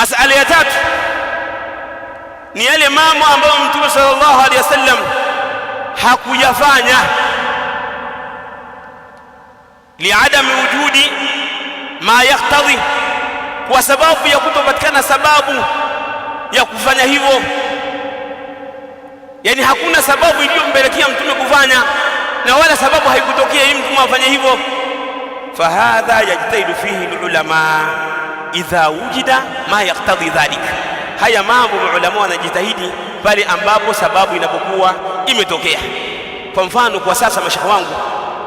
Masala ya tatu ni yale mambo ambayo Mtume sallallahu alaihi wasallam hakuyafanya liadami wujudi ma yaktadhi, kwa sababu ya kutopatikana sababu ya kufanya hivyo. Yani hakuna sababu iliyompelekea mtume kufanya na wala sababu haikutokea ili mtume afanye hivyo. Fahadha yajtahidu fihi lulama idha wujida ma yaktadhi dhalik. Haya mambo maulama wanajitahidi pale ambapo sababu inapokuwa imetokea. Kwa mfano, kwa sasa mashaka wangu,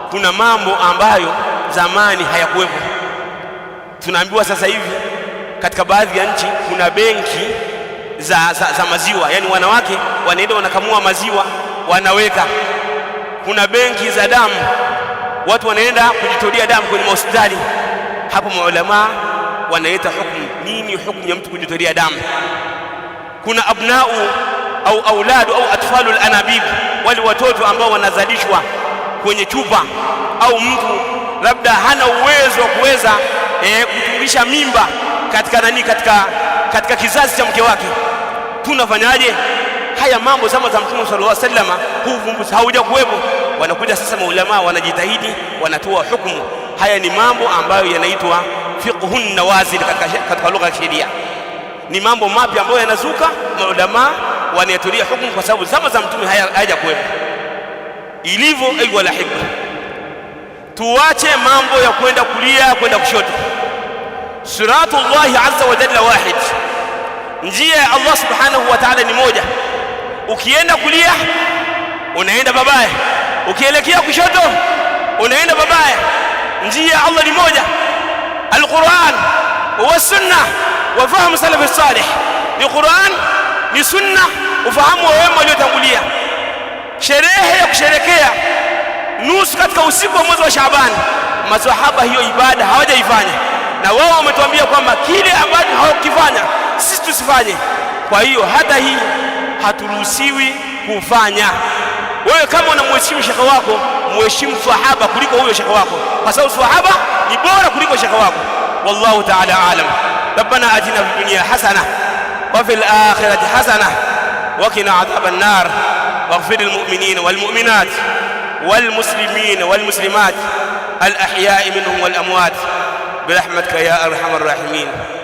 kuna mambo ambayo zamani hayakuwepo. Tunaambiwa sasa hivi katika baadhi ya nchi kuna benki za, za, za maziwa, yaani wanawake wanaenda wanakamua maziwa wanaweka. Kuna benki za damu, watu wanaenda kujitolea damu kwenye mahospitali. Hapo maulamaa wanaleta hukumu. Nini hukumu ya mtu kujitolea damu? Kuna abnau au auladu au atfalu lanabib, wale watoto ambao wanazalishwa kwenye chupa, au mtu labda hana uwezo wa kuweza eh, kutungisha mimba katika nani, katika, katika kizazi cha mke wake. Tunafanyaje? Haya mambo zama za Mtume sallallahu alaihi wasallam huu uvumbuzi Wanakuja sasa maulamaa, wanajitahidi wanatoa hukumu. Haya ni mambo ambayo yanaitwa fiqhun nawazil katika lugha ya sheria. Ni mambo mapya ambayo yanazuka, maulamaa wanayatulia hukumu, kwa sababu zama za mtume hayaja kuwepo ilivyo aiwa lahiba. Tuwache mambo ya kwenda kulia kwenda kushoto. Siratu llahi azza wa jalla wahid, njia ya Allah subhanahu wa ta'ala ni moja. Ukienda kulia unaenda babaye ukielekea kushoto unaenda babaye Njia ya Allah ni moja. Alquran wa sunna wa fahamu salafi salih. Ni Quran, ni sunna, ufahamu wa wema waliotangulia. Sherehe ya kusherekea nusu katika usiku wa mwezi wa Shaabani, maswahaba hiyo ibada hawajaifanya, na wao wametuambia kwamba kile ambacho hawakifanya sisi tusifanye. Kwa hiyo hata hii haturuhusiwi kufanya. wewe kama unamheshimu shekhe wako mheshimu sahaba kuliko huyo shekhe wako kwa sababu sahaba ni bora kuliko shekhe wako wallahu ta'ala alam ربنا أتنا في الدنيا حسنة وفي الآخرة حسنة وقنا عذاب النار واغفر للمؤمنين والمؤمنات والمسلمين والمسلمات الأحياء منهم والأموات برحمتك يا أرحم الراحمين